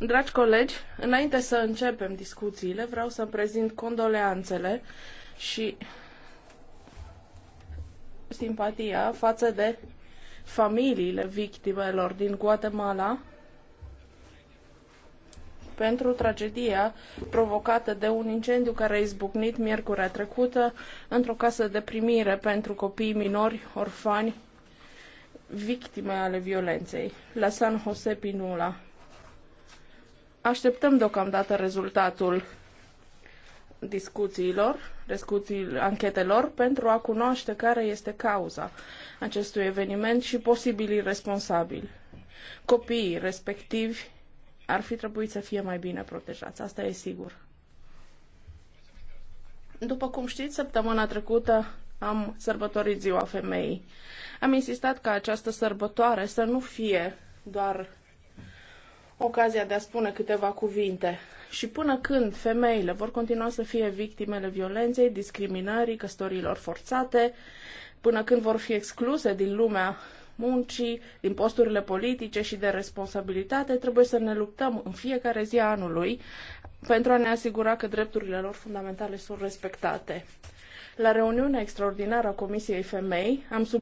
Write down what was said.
Dragi colegi, înainte să începem discuțiile, vreau să prezint condoleanțele și simpatia față de familiile victimelor din Guatemala pentru tragedia provocată de un incendiu care a izbucnit miercurea trecută într-o casă de primire pentru copii minori, orfani, victime ale violenței, la San José Pinula. Așteptăm deocamdată rezultatul discuțiilor, discuțiilor, anchetelor, pentru a cunoaște care este cauza acestui eveniment și posibilii responsabili. Copiii respectivi ar fi trebuit să fie mai bine protejați, asta e sigur. După cum știți, săptămâna trecută am sărbătorit Ziua Femeii. Am insistat ca această sărbătoare să nu fie doar ocazia de a spune câteva cuvinte. Și până când femeile vor continua să fie victimele violenței, discriminării, căsătorilor forțate, până când vor fi excluse din lumea muncii, din posturile politice și de responsabilitate, trebuie să ne luptăm în fiecare zi a anului pentru a ne asigura că drepturile lor fundamentale sunt respectate. La reuniunea extraordinară a Comisiei Femei am sub